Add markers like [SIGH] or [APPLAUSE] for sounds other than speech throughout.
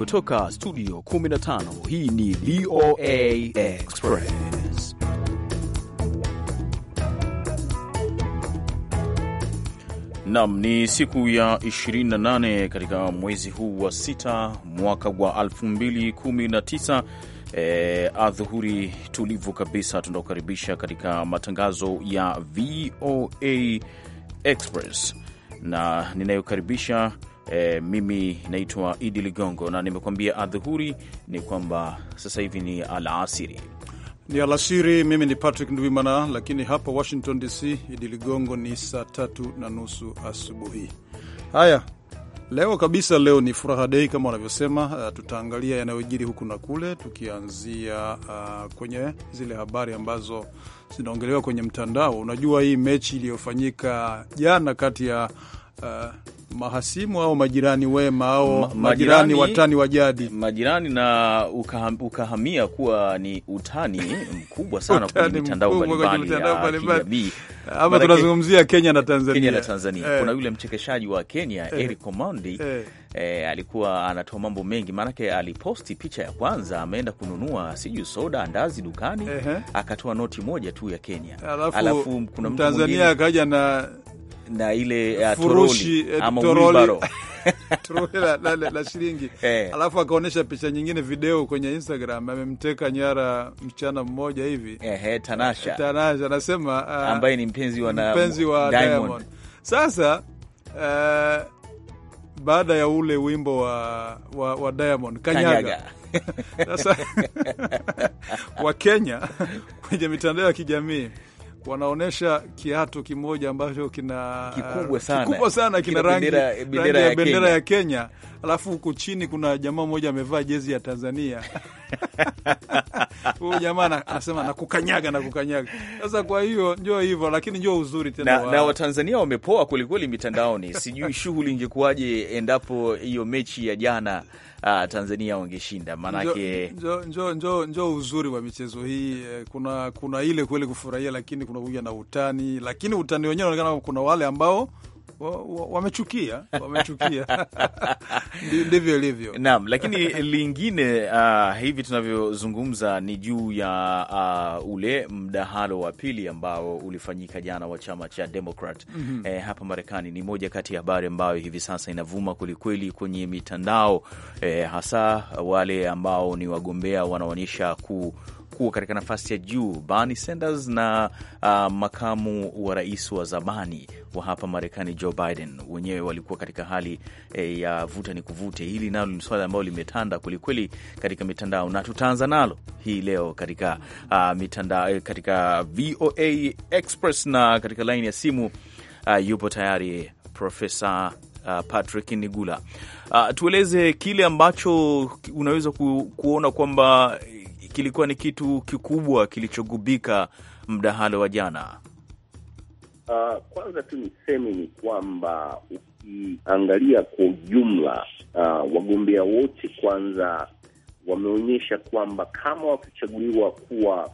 kutoka studio 15 hii ni VOA Express nam ni siku ya 28 katika mwezi huu wa sita mwaka wa 2019 E, adhuhuri tulivu kabisa tunaokaribisha katika matangazo ya VOA Express, na ninayokaribisha E, mimi naitwa Idi Ligongo na nimekuambia adhuhuri ni kwamba sasa hivi ni alasiri, ni alasiri. Mimi ni Patrick Ndwimana, lakini hapa Washington DC Idi Ligongo ni saa tatu na nusu asubuhi. Haya, leo kabisa, leo ni furaha dei kama wanavyosema. Uh, tutaangalia yanayojiri huku na kule, tukianzia uh, kwenye zile habari ambazo zinaongelewa kwenye mtandao. Unajua hii mechi iliyofanyika jana kati ya uh, mahasimu au majirani wema au Ma, majirani watani wa jadi majirani, na ukaham, ukahamia kuwa ni utani mkubwa sana kwenye mitandao mbalimbali, ama tunazungumzia Kenya na Tanzania, Kenya na Tanzania. Eh. Kuna yule mchekeshaji wa Kenya eh. Eric Omondi eh. Eh, alikuwa anatoa mambo mengi, maanake aliposti picha ya kwanza ameenda kununua sijui soda andazi dukani, akatoa noti moja tu ya Kenya, alafu, alafu kuna Tanzania akaja na na ile eh, furushi eh, [LAUGHS] toroli la, la, la shilingi hey. [LAUGHS] Eh. Alafu akaonyesha picha nyingine video kwenye Instagram, amemteka nyara msichana mmoja hivi hey, Tanasha Tanasha anasema uh, ambaye ni mpenzi wa, mpenzi wa Diamond. Diamond. Sasa uh, baada ya ule wimbo wa, wa, wa Diamond Kanyaga, Kanyaga. Sasa [LAUGHS] Wakenya kwenye mitandao ya kijamii wanaonyesha kiatu kimoja ambacho kina kikubwa eh, sana, kikubwa sana kina, kina rangi bendera, bendera, rangi ya bendera ya Kenya, ya Kenya. Alafu huku chini kuna jamaa mmoja amevaa jezi ya Tanzania [LAUGHS] huyu jamaa anasema nakukanyaga nakukanyaga. Sasa kwa hiyo njo hivyo, lakini njo uzuri tena na, wa... na Watanzania wamepoa kwelikweli mitandaoni. Sijui shughuli ingekuwaje endapo hiyo mechi ya jana uh, Tanzania wangeshinda, manake... njo, njo, njo, njo uzuri wa michezo hii. Eh, kuna kuna ile kweli kufurahia, lakini kuna kuja na utani, lakini utani wenyewe unaonekana kuna wale ambao wamechukia wamechukia, [LAUGHS] ndivyo ilivyo. Naam, lakini lingine uh, hivi tunavyozungumza ni juu ya uh, ule mdahalo wa pili ambao ulifanyika jana wa chama cha Democrat mm -hmm. eh, hapa Marekani. Ni moja kati ya habari ambayo hivi sasa inavuma kwelikweli kwenye mitandao eh, hasa wale ambao ni wagombea wanaonyesha ku kuwa katika nafasi ya juu Bernie Sanders na uh, makamu wa rais wa zamani wa hapa Marekani Joe Biden wenyewe walikuwa katika hali eh, ya vuta ni kuvute. Hili nalo ni swala ambalo limetanda kwelikweli katika mitandao na tutaanza nalo hii leo katika uh, mitandao, eh, katika VOA Express na katika laini ya simu uh, yupo tayari Profesa Uh, Patrick Nigula, uh, tueleze kile ambacho unaweza ku, kuona kwamba kilikuwa ni kitu kikubwa kilichogubika mdahalo wa jana? Uh, kwanza tu niseme ni kwamba ukiangalia kwa ujumla uh, wagombea wote kwanza wameonyesha kwamba kama wakichaguliwa kuwa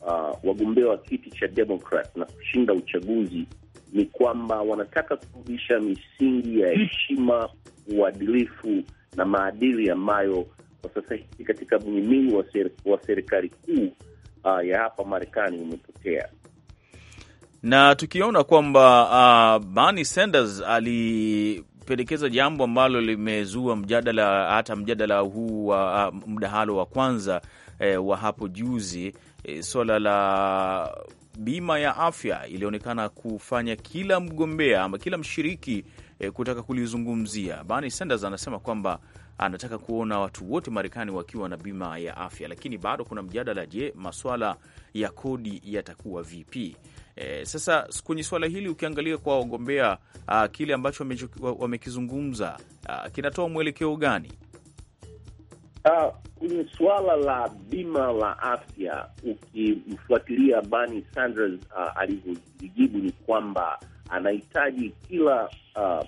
uh, wagombea wa kiti cha Democrat na kushinda uchaguzi ni kwamba wanataka kurudisha misingi ya heshima, uadilifu na maadili ambayo kwa sasa hivi katika mhimili wa, ser, wa serikali kuu uh, ya hapa Marekani umepotea na tukiona kwamba uh, Bernie Sanders alipendekeza jambo ambalo limezua mjadala, hata mjadala huu wa uh, mdahalo wa kwanza eh, wa hapo juzi eh, swala la bima ya afya ilionekana kufanya kila mgombea ama kila mshiriki eh, kutaka kulizungumzia. Bernie Sanders anasema kwamba anataka kuona watu wote Marekani wakiwa na bima ya afya, lakini bado kuna mjadala. Je, maswala ya kodi yatakuwa vipi? E, sasa kwenye swala hili ukiangalia kwa wagombea kile ambacho wamekizungumza kinatoa mwelekeo gani? Uh, kwenye suala la bima la afya ukimfuatilia Bernie Sanders uh, alivyojibu ni kwamba anahitaji kila uh,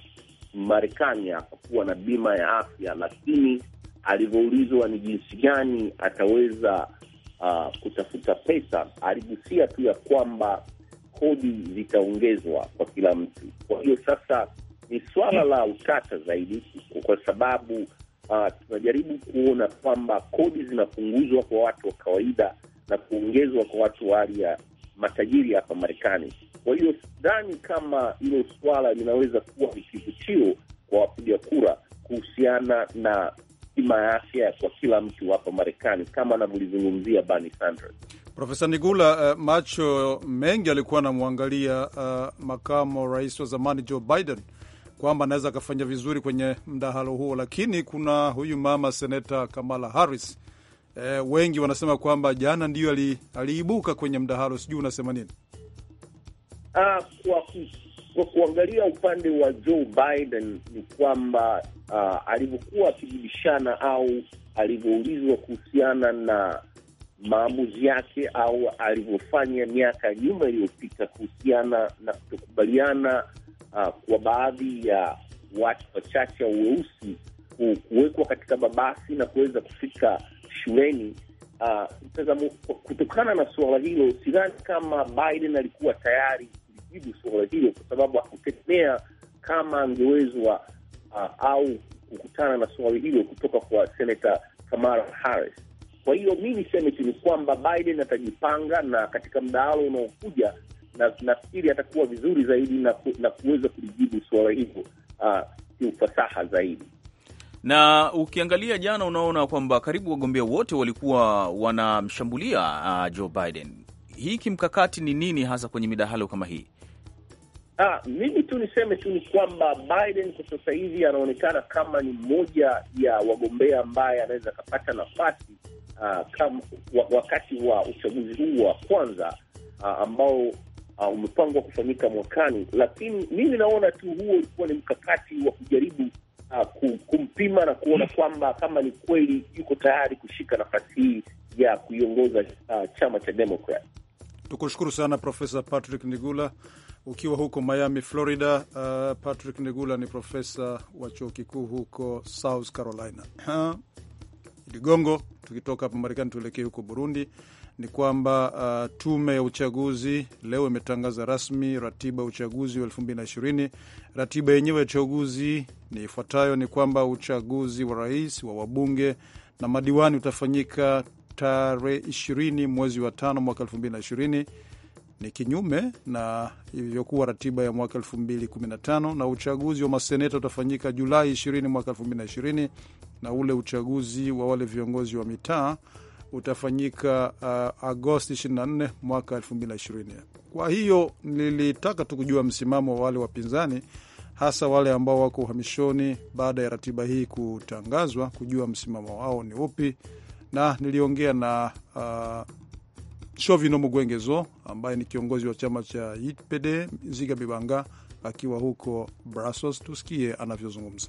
Marekani akakuwa na bima ya afya, lakini alivyoulizwa ni jinsi gani ataweza uh, kutafuta pesa, aligusia tu ya kwamba kodi zitaongezwa kwa kila mtu. Kwa hiyo sasa ni swala la utata zaidi, kwa sababu uh, tunajaribu kuona kwamba kodi zinapunguzwa kwa watu wa kawaida na kuongezwa kwa watu wa hali ya matajiri hapa Marekani. Kwa hiyo sidhani kama hilo swala linaweza kuwa ni kivutio kwa wapiga kura kuhusiana na bima ya afya kwa kila mtu hapa Marekani kama anavyolizungumzia Bernie Sanders. Profesa Nigula, uh, macho mengi alikuwa anamwangalia uh, eh, makamo rais wa zamani Joe Biden kwamba anaweza akafanya vizuri kwenye mdahalo huo, lakini kuna huyu mama seneta Kamala Harris e, wengi wanasema kwamba jana ndiyo ali, aliibuka kwenye mdahalo. Sijui unasema nini? Uh, kwa, kwa kuangalia upande wa Joe Biden ni kwamba uh, alivyokuwa akijibishana au alivyoulizwa kuhusiana na maamuzi yake au alivyofanya miaka ya nyuma iliyopita kuhusiana na kutokubaliana uh, kwa baadhi ya watu wachache au weusi kuwekwa katika mabasi na kuweza kufika shuleni. uh, kutokana na suala hilo, sidhani kama Biden alikuwa tayari kulijibu suala hilo, kwa sababu hakutegemea kama angewezwa uh, au kukutana na suala hilo kutoka kwa senata Kamala Harris. Kwa hiyo mi niseme tu ni kwamba Biden atajipanga, na katika mdahalo unaokuja na nafikiri atakuwa vizuri zaidi na, ku, na kuweza kulijibu suala hilo uh, kiufasaha zaidi na ukiangalia jana, unaona kwamba karibu wagombea wote walikuwa wanamshambulia uh, Joe Biden. Hii kimkakati ni nini hasa kwenye midahalo kama hii? Ah, mimi tu niseme tu ni kwamba Biden kwa sasa hivi anaonekana kama ni mmoja ya wagombea ambaye anaweza akapata nafasi ah, wakati wa uchaguzi huu wa kwanza ah, ambao ah, umepangwa kufanyika mwakani, lakini mimi naona tu huo ulikuwa ni mkakati wa kujaribu uh, kumpima na kuona kwamba kama ni kweli yuko tayari kushika nafasi hii ya kuiongoza uh, chama cha Demokrat. Tukushukuru sana Profesa Patrick Nigula ukiwa huko Miami, Florida. Uh, Patrick Nigula ni profesa wa chuo kikuu huko South Carolina. Ligongo, tukitoka hapa Marekani tuelekee huko Burundi ni kwamba uh, tume ya uchaguzi leo imetangaza rasmi ratiba ya uchaguzi wa ishirini. Ratiba yenyewe ya uchaguzi ni ifuatayo: ni kwamba uchaguzi wa rais wa wabunge na madiwani utafanyika tarehe ishirini mwezi wa tano mwaka ishirini. ni kinyume na ilivyokuwa ratiba ya mwaka kumi na uchaguzi wa maseneta utafanyika Julai ishirini mwaka ishirini, na ule uchaguzi wa wale viongozi wa mitaa utafanyika uh, Agosti 24 mwaka 2020. Kwa hiyo nilitaka tu kujua msimamo wa wale wapinzani, hasa wale ambao wako uhamishoni, baada ya ratiba hii kutangazwa, kujua msimamo wao ni upi, na niliongea na uh, Shovino Mugwengezo ambaye ni kiongozi wa chama cha UPD Nziga Bibanga akiwa huko Brussels. Tusikie anavyozungumza.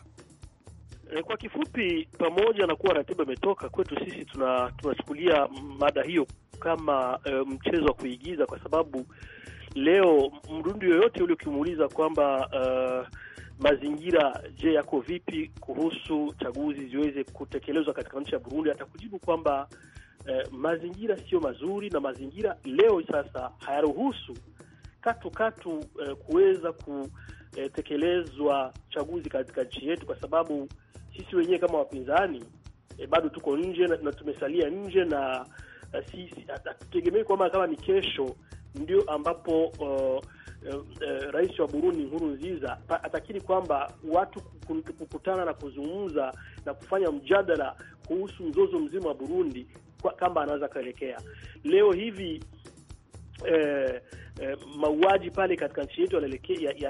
E, kwa kifupi, pamoja na kuwa ratiba imetoka kwetu sisi, tuna tunachukulia mada hiyo kama e, mchezo wa kuigiza kwa sababu leo mrundi yoyote ule ukimuuliza kwamba e, mazingira je, yako vipi kuhusu chaguzi ziweze kutekelezwa katika nchi ya Burundi, atakujibu kwamba e, mazingira sio mazuri na mazingira leo sasa hayaruhusu katu katu e, kuweza kutekelezwa chaguzi katika nchi yetu, kwa sababu sisi wenyewe kama wapinzani e, bado tuko nje na, na tumesalia nje na sisi eh, hatutegemei kwamba kama ni kesho ndio ambapo uh, uh, uh, rais wa Burundi nziza atakiri kwamba watu kukutana na kuzungumza na kufanya mjadala kuhusu mzozo mzima wa Burundi kamba anaweza kuelekea leo hivi eh, eh, mauaji pale katika nchi yetu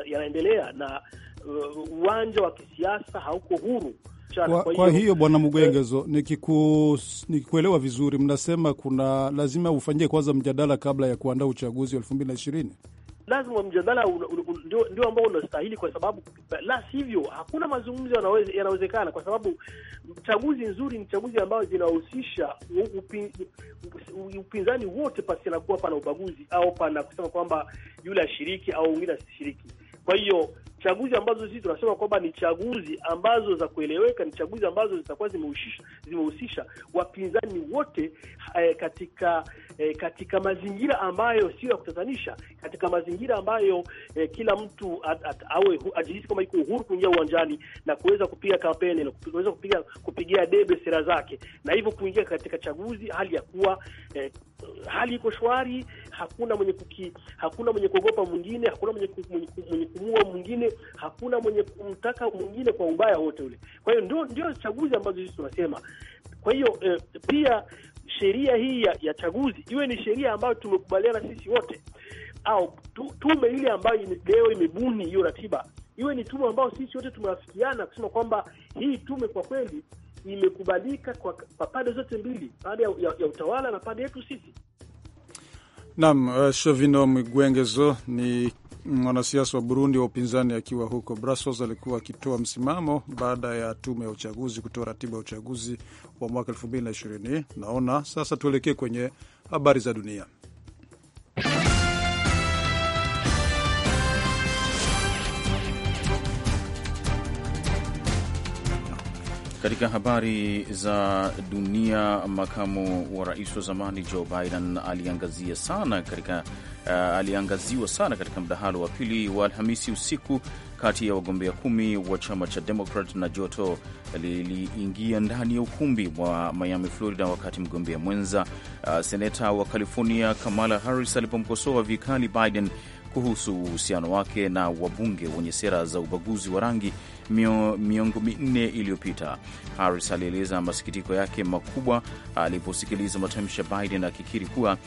yanaendelea ya, ya na Uh, uwanja wa kisiasa hauko huru. Kwa, kwa hiyo Bwana eh, Mgwengezo, nikiku nikikuelewa vizuri, mnasema kuna lazima ufanyie kwanza mjadala kabla ya kuandaa uchaguzi wa elfu mbili na ishirini. Lazima mjadala ndio ambao unastahili, kwa sababu la sivyo hakuna mazungumzo yanawezekana, kwa sababu chaguzi nzuri ni chaguzi ambayo zinahusisha upin, upinzani wote pasi na kuwa pana ubaguzi au pana kusema kwamba yule ashiriki au mwingine asishiriki. Kwa hiyo chaguzi ambazo sisi tunasema kwamba ni chaguzi ambazo za kueleweka, ni chaguzi ambazo zitakuwa zimehusisha wapinzani wote eh, katika eh, katika mazingira ambayo sio ya kutatanisha, katika mazingira ambayo eh, kila mtu awe ajihisi kama yuko uhuru kuingia uwanjani na kuweza kupiga kampeni na kuweza kupiga kupigia debe sera zake, na hivyo kuingia katika chaguzi hali ya kuwa eh, hali iko shwari, hakuna mwenye kuki, hakuna mwenye kuogopa mwingine, hakuna mwenye kumua mwingine hakuna mwenye kumtaka mwingine kwa ubaya wote ule. Kwa hiyo ndio ndio chaguzi ambazo sisi tunasema. Kwa hiyo eh, pia sheria hii ya, ya chaguzi iwe ni sheria ambayo tumekubaliana sisi wote, au tume ile ambayo leo imebuni hiyo ratiba iwe ni tume ambayo sisi wote tumewafikiana kusema kwamba hii tume kwa kweli imekubalika kwa, kwa pande zote mbili, pande ya, ya, ya utawala na pande yetu sisi. Naam, uh, Shovino Mgwengezo ni Mwanasiasa wa Burundi wa upinzani akiwa huko Brussels alikuwa akitoa msimamo baada ya tume ya uchaguzi kutoa ratiba ya uchaguzi wa mwaka ishirini. Naona sasa tuelekee kwenye habari za dunia. Katika habari za dunia, makamu wa rais wa zamani Joe Biden aliangazia sana katika, uh, aliangaziwa sana katika mdahalo wa pili wa Alhamisi usiku kati ya wagombea kumi wa chama cha Demokrat na joto liliingia ndani ya ukumbi wa Miami, Florida, wakati mgombea mwenza uh, seneta wa California Kamala Harris alipomkosoa vikali Biden kuhusu uhusiano wake na wabunge wenye sera za ubaguzi wa rangi miongo minne iliyopita. Harris alieleza masikitiko yake makubwa aliposikiliza matamshi ya Biden akikiri kuwa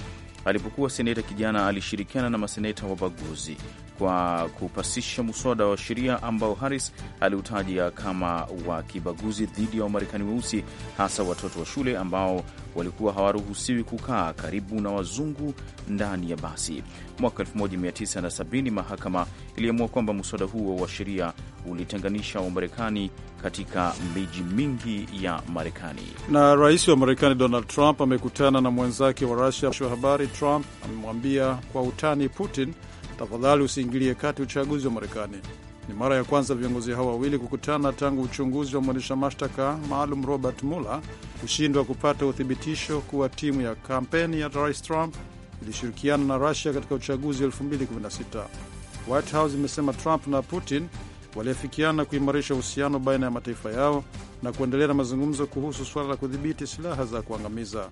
alipokuwa seneta kijana alishirikiana na maseneta wabaguzi kwa kupasisha mswada wa sheria ambao Harris aliutaja kama wa kibaguzi dhidi ya Wamarekani weusi, hasa watoto wa shule ambao walikuwa hawaruhusiwi kukaa karibu na wazungu ndani ya basi mwaka 1970 mahakama iliamua kwamba mswada huo wa sheria ulitenganisha Wamarekani katika miji mingi ya Marekani. Na rais wa Marekani Donald Trump amekutana na mwenzake wa Rusia wa habari. Trump amemwambia kwa utani Putin, tafadhali usiingilie kati uchaguzi wa Marekani. Ni mara ya kwanza viongozi hao wawili kukutana tangu uchunguzi wa mwendesha mashtaka maalum Robert Mueller kushindwa kupata uthibitisho kuwa timu ya kampeni ya rais Trump ilishirikiana na Rusia katika uchaguzi wa 2016. White House imesema Trump na Putin waliafikiana kuimarisha uhusiano baina ya mataifa yao na kuendelea na mazungumzo kuhusu suala la kudhibiti silaha za kuangamiza.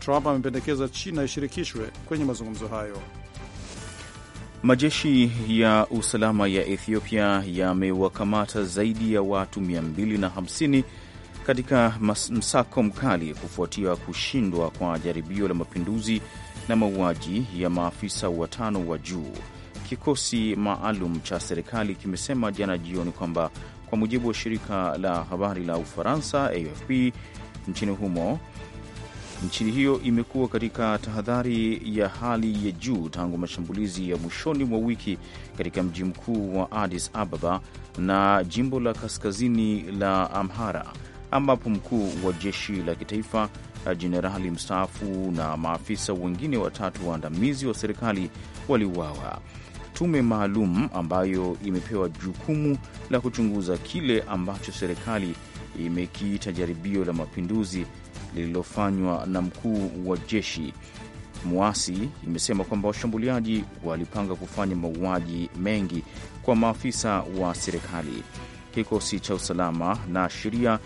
Trump amependekeza China ishirikishwe kwenye mazungumzo hayo. Majeshi ya usalama ya Ethiopia yamewakamata zaidi ya watu 250 katika msako mkali kufuatia kushindwa kwa jaribio la mapinduzi na mauaji ya maafisa watano wa juu. Kikosi maalum cha serikali kimesema jana jioni kwamba kwa mujibu wa shirika la habari la Ufaransa AFP nchini humo nchini hiyo imekuwa katika tahadhari ya hali ya juu tangu mashambulizi ya mwishoni mwa wiki katika mji mkuu wa Addis Ababa na jimbo la kaskazini la Amhara ambapo mkuu wa jeshi la kitaifa eh, jenerali mstaafu na maafisa wengine watatu waandamizi wa serikali waliuawa. Tume maalum ambayo imepewa jukumu la kuchunguza kile ambacho serikali imekiita jaribio la mapinduzi lililofanywa na mkuu wa jeshi mwasi imesema kwamba washambuliaji walipanga kufanya mauaji mengi kwa maafisa wa serikali. Kikosi cha usalama na sheria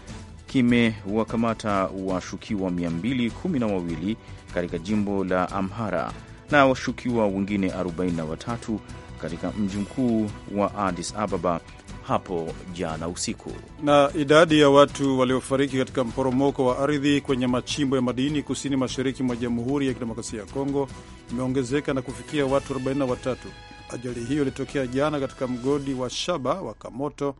kimewakamata washukiwa 212 katika jimbo la Amhara na washukiwa wengine 43 katika mji mkuu wa Addis Ababa hapo jana usiku. Na idadi ya watu waliofariki katika mporomoko wa ardhi kwenye machimbo ya madini kusini mashariki mwa Jamhuri ya Kidemokrasia ya Kongo imeongezeka na kufikia watu 43. Ajali hiyo ilitokea jana katika mgodi wa shaba wa Kamoto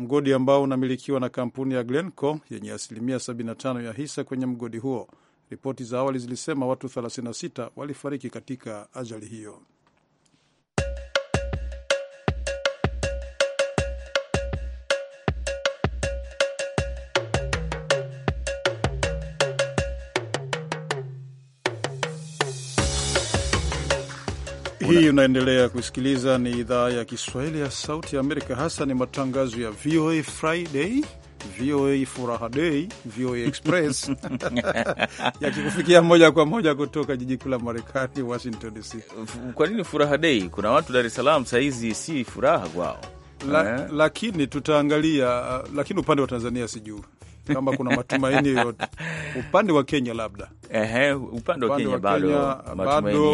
mgodi ambao unamilikiwa na kampuni ya Glencore yenye asilimia 75 ya hisa kwenye mgodi huo. Ripoti za awali zilisema watu 36 walifariki katika ajali hiyo. hii unaendelea kusikiliza, ni idhaa ya Kiswahili ya Sauti ya Amerika, hasa ni matangazo ya VOA Friday, VOA Furaha Day, VOA Express [LAUGHS] [LAUGHS] yakikufikia moja kwa moja kutoka jiji kuu la Marekani, Washington DC. Kwa nini furaha dei? Kuna watu Dar es Salaam sahizi si furaha kwao la, eh? lakini tutaangalia, lakini upande wa Tanzania sijui kama kuna matumaini yote upande wa Kenya labda. Ehe, upande wa Kenya bado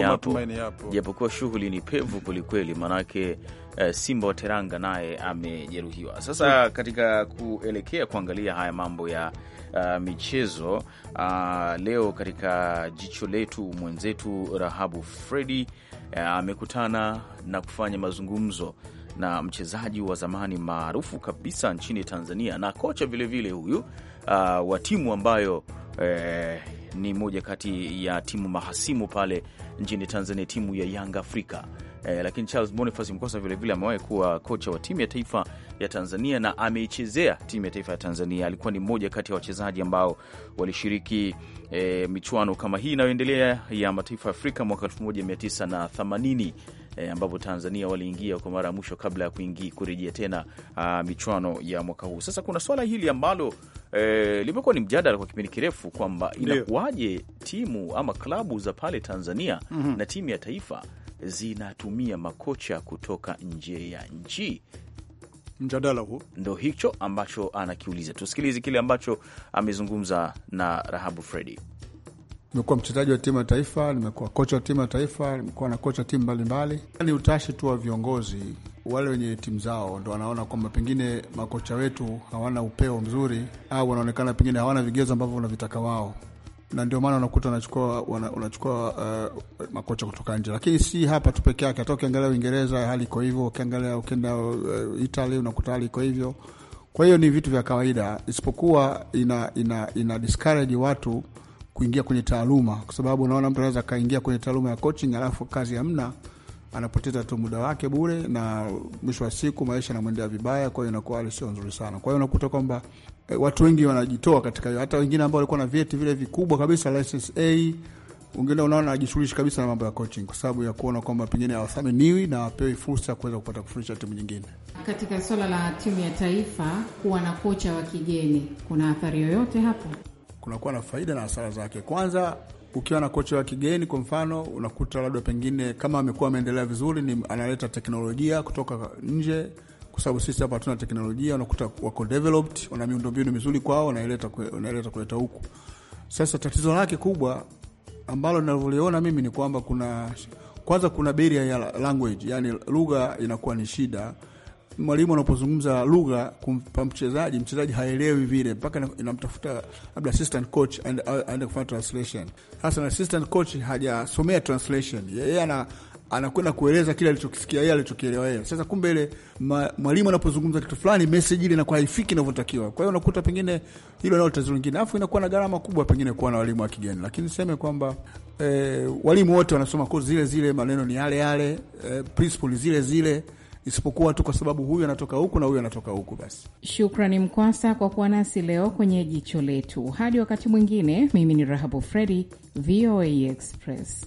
matumaini yapo, japokuwa shughuli ni pevu kwelikweli, maanake uh, eh, Simba wa Teranga naye amejeruhiwa. Sasa katika kuelekea kuangalia haya mambo ya uh, michezo uh, leo katika jicho letu mwenzetu Rahabu Fredi eh, amekutana uh, na kufanya mazungumzo na mchezaji wa zamani maarufu kabisa nchini Tanzania na kocha vilevile vile huyu uh, wa timu ambayo eh, ni moja kati ya timu mahasimu pale nchini Tanzania, timu ya Yanga Afrika. Eh, lakini Charles Boniface Mkosa vilevile amewahi kuwa kocha wa timu ya taifa ya Tanzania na ameichezea timu ya taifa ya Tanzania. Alikuwa ni mmoja kati ya wachezaji ambao walishiriki eh, michuano kama hii inayoendelea ya mataifa ya Afrika mwaka 1980 e, ambapo Tanzania waliingia kwa mara ya mwisho kabla ya kuingia kurejea tena a, ah, michuano ya mwaka huu. Sasa kuna swala hili ambalo e, limekuwa ni mjadala kwa kipindi kirefu kwamba inakuwaje timu ama klabu za pale Tanzania mm -hmm. na timu ya taifa zinatumia makocha kutoka nje ya nchi. Mjadala huo ndo hicho ambacho anakiuliza. Tusikilize kile ambacho amezungumza na Rahabu Fredi nimekuwa mchezaji wa timu ya taifa, nimekuwa kocha wa timu ya taifa, nimekuwa na kocha timu mbalimbali. Ni utashi tu wa viongozi wale wenye timu zao, ndo wanaona kwamba pengine makocha wetu hawana upeo mzuri, au wanaonekana pengine hawana vigezo ambavyo wanavitaka wao, na ndio maana unakuta unachukua unachukua uh, makocha kutoka nje, lakini si hapa tu peke yake. Hata ukiangalia Uingereza hali iko hivyo, ukiangalia ukienda uh, Italy unakuta hali iko hivyo. Kwa hiyo ni vitu vya kawaida, isipokuwa ina, ina, ina discourage watu kuingia kwenye taaluma, kwa sababu unaona mtu anaweza akaingia kwenye taaluma ya coaching alafu kazi hamna, anapoteza tu muda wake bure, na mwisho wa siku maisha yanamwendea vibaya. Kwa hiyo inakuwa hali sio nzuri sana. Kwa hiyo unakuta kwamba eh, watu wengi wanajitoa katika hiyo, hata wengine ambao walikuwa na vyeti vile vikubwa kabisa license A wengine unaona anajishughulisha kabisa na mambo ya coaching kwa sababu ya kuona kwamba pengine hawathaminiwi na wapewi fursa ya kuweza kupata kufundisha timu nyingine. Katika swala la timu ya taifa kuwa na kocha wa kigeni, kuna athari yoyote hapo? kunakuwa na faida na hasara zake. Kwanza ukiwa na kocha wa kigeni kwa mfano, unakuta labda pengine kama amekuwa ameendelea vizuri, ni analeta teknolojia kutoka nje, kwa sababu sisi hapa hatuna teknolojia. Unakuta wako developed, wana miundombinu mizuri kwao, unaileta unaileta kuleta huku. Sasa tatizo lake kubwa ambalo ninavyoliona mimi ni kwamba kuna kwanza, kuna barrier ya language, yani lugha inakuwa ni shida mwalimu anapozungumza lugha kumpa mchezaji, mchezaji haelewi vile, mpaka inamtafuta labda assistant coach aende kufanya translation. Sasa na assistant coach hajasomea translation, yeye ana anakwenda kueleza kile alichokisikia yeye alichokielewa yeye. Sasa kumbe ile mwalimu anapozungumza kitu fulani, message ile inakuwa haifiki inavyotakiwa. Kwa hiyo unakuta pengine hilo nalo tatizo lingine, alafu inakuwa na gharama kubwa pengine kuwa na walimu wa kigeni. Lakini niseme kwamba e, walimu wote wanasoma kozi zile zile, maneno ni yale yale, e, principle zile zile isipokuwa tu kwa sababu huyu anatoka huku na huyu anatoka huku. Basi shukrani Mkwasa kwa kuwa nasi leo kwenye jicho letu. Hadi wakati mwingine, mimi ni Rahabu Fredi, VOA Express.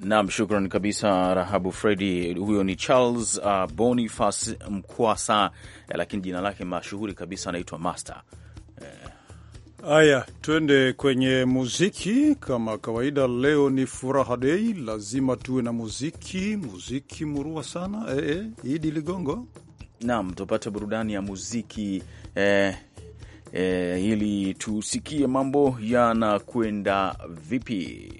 Nam, shukran kabisa Rahabu Fredi. Huyo ni Charles uh, Bonifas Mkwasa, eh, lakini jina lake mashuhuri kabisa anaitwa Master Haya, twende kwenye muziki. Kama kawaida, leo ni furaha dei, lazima tuwe na muziki. Muziki murua sana. E, e, Idi Ligongo, naam, tupate burudani ya muziki eh, eh, ili tusikie mambo yanakwenda vipi.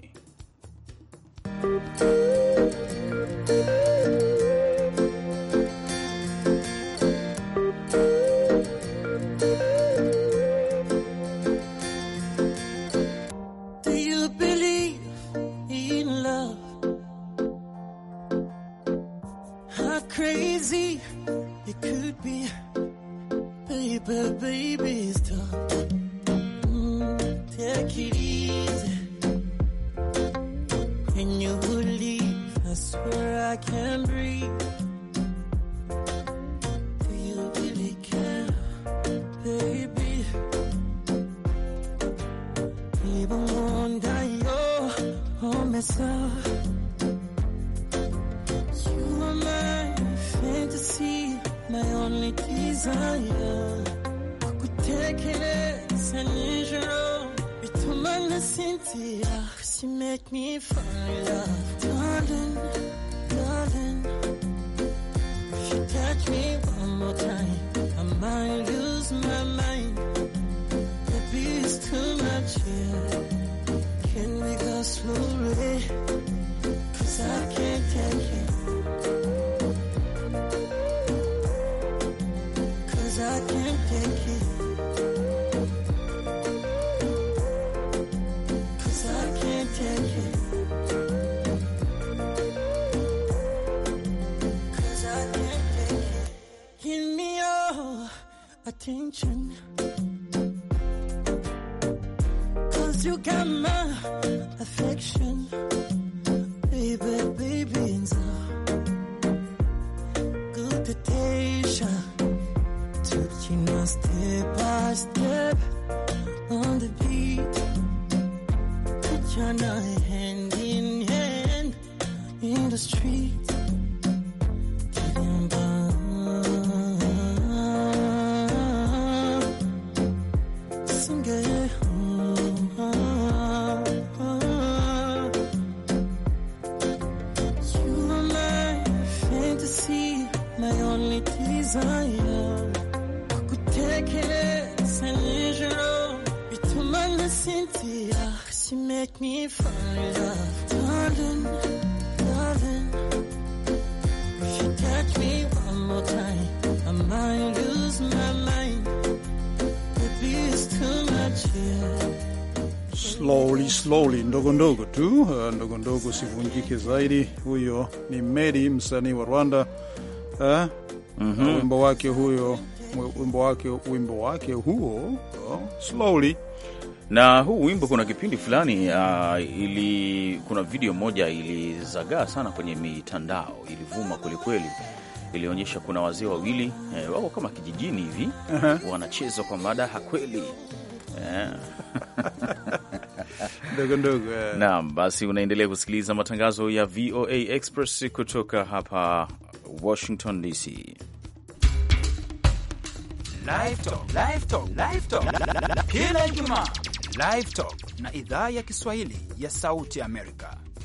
ikizaya kugutekereza nijoro bituma ntasinzira she make me fall in love darling darling if you touch me one more time I might lose my mind baby it's too much yeah can we go slowly cause I can't take it attention. Cause you got my affection. Slowly, slowly, ndogo ndogo tu, uh, ndogo ndogo, sivunjike zaidi. Huyo ni Meri, msanii wa Rwanda. Uh, mm -hmm. Wimbo wake huyo, wimbo wake, wimbo wake huo uh, slowly. Na huu wimbo kuna kipindi fulani uh, ili kuna video moja ilizagaa sana kwenye mitandao, ilivuma kwelikweli ilionyesha kuna wazee wawili eh, wako kama kijijini hivi uh -huh. wanacheza kwa madaha kweli ndogondogo eh. [LAUGHS] Ndogo ndogo, yeah. Naam, basi unaendelea kusikiliza matangazo ya VOA Express kutoka hapa Washington DC. Kila Ijumaa Live Talk na idhaa ya Kiswahili ya Sauti Amerika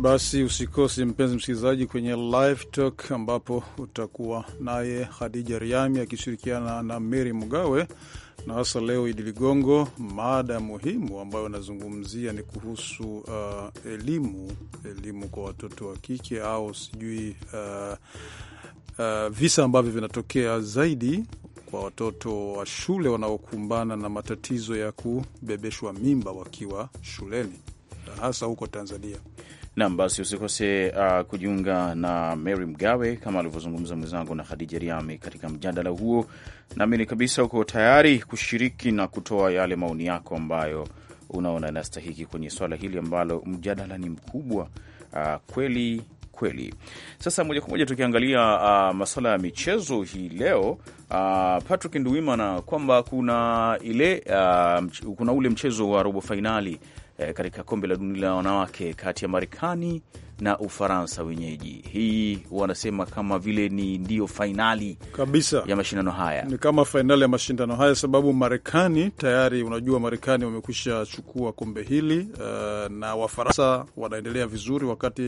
Basi usikose mpenzi msikilizaji, kwenye Live Talk ambapo utakuwa naye hadija Riami akishirikiana na Meri Mgawe na hasa leo Idi Ligongo. Mada muhimu ambayo anazungumzia ni kuhusu uh, elimu elimu kwa watoto wa kike au sijui uh, uh, visa ambavyo vinatokea zaidi kwa watoto wa shule wanaokumbana na matatizo ya kubebeshwa mimba wakiwa shuleni hasa huko Tanzania. Nam, basi usikose uh, kujiunga na Mary Mgawe kama alivyozungumza mwenzangu na Khadija Riami katika mjadala huo. Naamini kabisa uko tayari kushiriki na kutoa yale maoni yako ambayo unaona inastahiki kwenye swala hili ambalo mjadala ni mkubwa uh, kweli kweli. Sasa moja kwa moja tukiangalia uh, masuala ya michezo hii leo uh, Patrick Nduwimana, kwamba kuna ile uh, kuna ule mchezo wa robo fainali Eh, katika kombe la dunia la wanawake kati ya Marekani na Ufaransa wenyeji. Hii wanasema kama vile ni ndio fainali kabisa ya mashindano haya, ni kama fainali ya mashindano haya sababu Marekani tayari, unajua Marekani wamekwisha chukua kombe hili uh, na Wafaransa wanaendelea vizuri wakati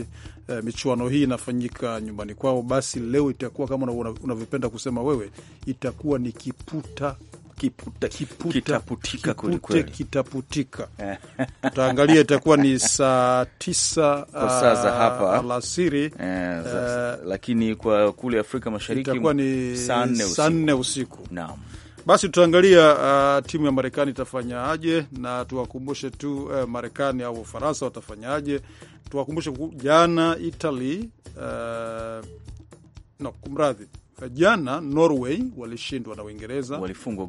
uh, michuano hii inafanyika nyumbani kwao. Basi leo itakuwa kama unavyopenda kusema wewe, itakuwa ni kiputa kiputa, kitaputika kitaputika [LAUGHS] utaangalia itakuwa ni saa tisa saa za ah, hapa alasiri eh, uh, lakini kwa kule Afrika Mashariki itakuwa ni saa nne usiku, usiku. Naam. Basi tutaangalia uh, timu ya Marekani itafanyaje na tuwakumbushe tu uh, Marekani au Ufaransa watafanyaje. Tuwakumbushe jana Italy uh, no, kumradhi Eh, jana Norway walishindwa na Uingereza, walifungwa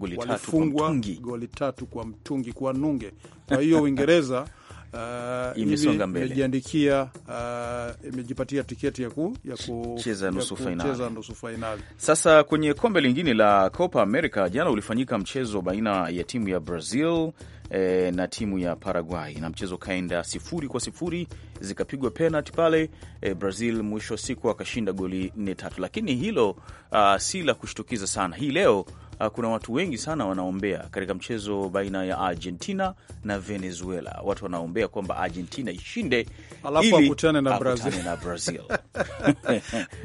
goli tatu kwa mtungi kwa nunge. Kwa hiyo Uingereza [LAUGHS] Uh, imesonga mbele, imejiandikia uh, imejipatia tiketi ya kucheza nusu fainali. Sasa kwenye kombe lingine la Copa America, jana ulifanyika mchezo baina ya timu ya Brazil eh, na timu ya Paraguay, na mchezo kaenda sifuri kwa sifuri, zikapigwa penalti pale eh, Brazil mwisho wa siku akashinda goli nne tatu, lakini hilo uh, si la kushtukiza sana. Hii leo Ah, kuna watu wengi sana wanaombea katika mchezo baina ya Argentina na Venezuela. Watu wanaombea kwamba Argentina ishinde, alafu akutane na Brazil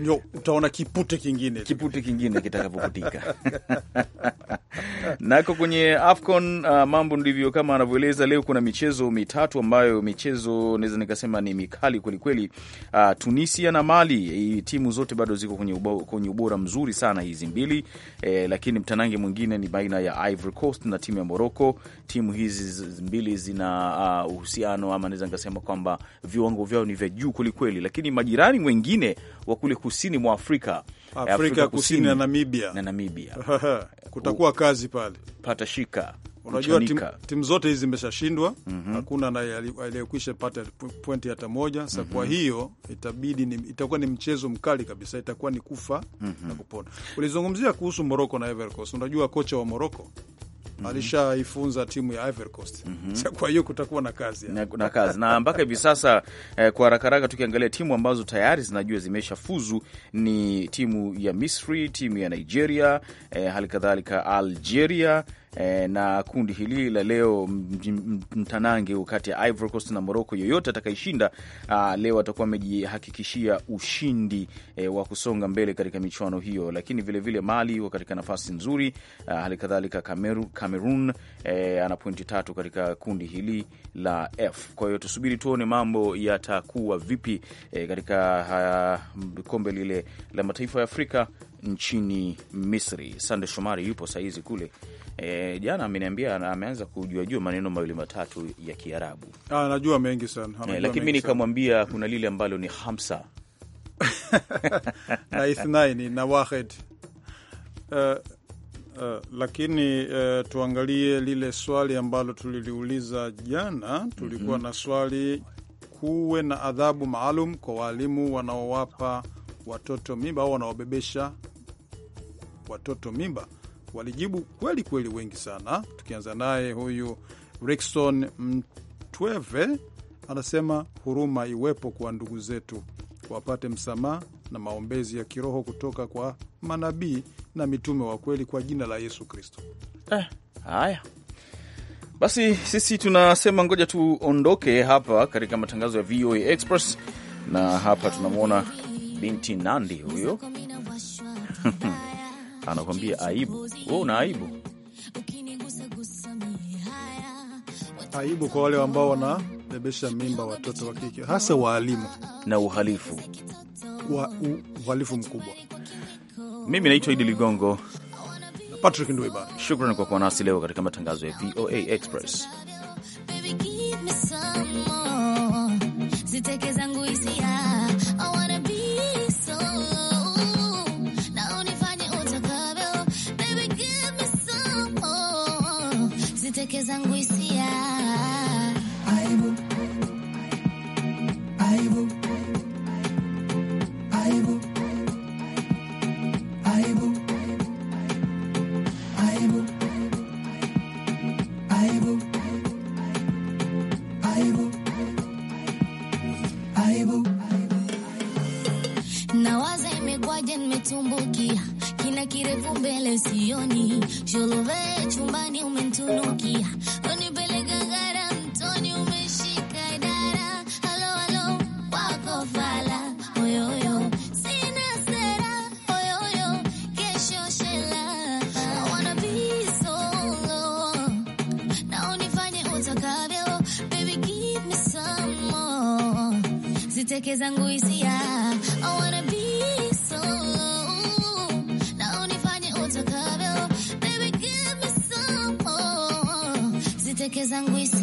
[LAUGHS] utaona kipute kingine, kipute kingine kitakapokutika [LAUGHS] nako kwenye AFCON uh, mambo ndivyo kama anavyoeleza leo. Kuna michezo mitatu ambayo michezo naweza nikasema ni mikali kwelikweli. Uh, ah, Tunisia na Mali, timu zote bado ziko kwenye ubora mzuri sana hizi mbili eh, lakini mtanangi mtanange mwingine ni baina ya Ivory Coast na timu ya Morocco. Timu hizi mbili zina uh, uhusiano uh, ama naweza nikasema kwamba viwango vyao ni vya juu kwelikweli, lakini majirani wengine wa kule kusini mwa Afrika Afrika, Afrika kusini, kusini na Namibia, na Namibia. [LAUGHS] kutakuwa kazi pale patashika Unajua timu tim zote hizi zimeshashindwa mm -hmm. Hakuna aliyekwisha pata pointi hata moja sa mm -hmm. Kwa mhm. hiyo itabidi ni, itakuwa ni mchezo mkali kabisa, itakuwa ni kufa mm -hmm. na kupona. Ulizungumzia kuhusu Moroko na Evercoast. Unajua kocha wa Moroko Mm -hmm. Alishaifunza timu ya Ivory Coast mm -hmm. Kwa hiyo kutakuwa na kazi na, na kazi na mpaka hivi sasa eh, kwa haraka haraka tukiangalia timu ambazo tayari zinajua zimesha fuzu ni timu ya Misri, timu ya Nigeria eh, hali kadhalika Algeria e, na kundi hili la leo mtanange kati ya Ivory Coast na Morocco, yoyote atakaishinda ah, leo atakuwa amejihakikishia ushindi e, wa kusonga mbele katika michuano hiyo. Lakini vilevile vile Mali iko katika nafasi nzuri, ah, hali kadhalika Cameroon e, ana pointi tatu katika kundi hili la F. Kwa hiyo tusubiri tuone mambo yatakuwa vipi e, katika ah, kombe lile la mataifa ya Afrika nchini Misri. Sande Shomari yupo sahizi kule. E, jana ameniambia ameanza kujuajua maneno mawili matatu ya Kiarabu. Ah, anajua mengi sana e, lakini mi nikamwambia kuna lile ambalo ni hamsa [LAUGHS] na ithnaini na wahed uh, Uh, lakini uh, tuangalie lile swali ambalo tuliliuliza jana. Tulikuwa mm -hmm. na swali kuwe na adhabu maalum kwa waalimu wanaowapa watoto mimba au wanaobebesha watoto mimba walijibu kweli kweli, wengi sana. Tukianza naye huyu Rikson Mtweve anasema huruma iwepo kwa ndugu zetu, wapate msamaha na maombezi ya kiroho kutoka kwa manabii na mitume wa kweli kwa jina la Yesu Kristo. Eh, haya basi, sisi tunasema ngoja tuondoke hapa katika matangazo ya VOA Express, na hapa tunamwona binti Nandi huyo [LAUGHS] anakwambia aibu. Wewe una aibu, aibu kwa wale ambao wanabebesha mimba watoto wa kike, hasa waalimu, na uhalifu wa uhalifu mkubwa. Mimi naitwa Idi Ligongo Patrick Ndweba, shukran kwa kuwa nasi leo katika matangazo ya VOA Express. mtoni, sholove chumbani umentunukia, unipeleka gara mtoni, umeshika idara, halo halo wako fala oyoyo, sina sera oyoyo, kesho shela, I wanna be solo, na unifanye utakavyo, baby give me some more, ziteke hisia because I'm wasting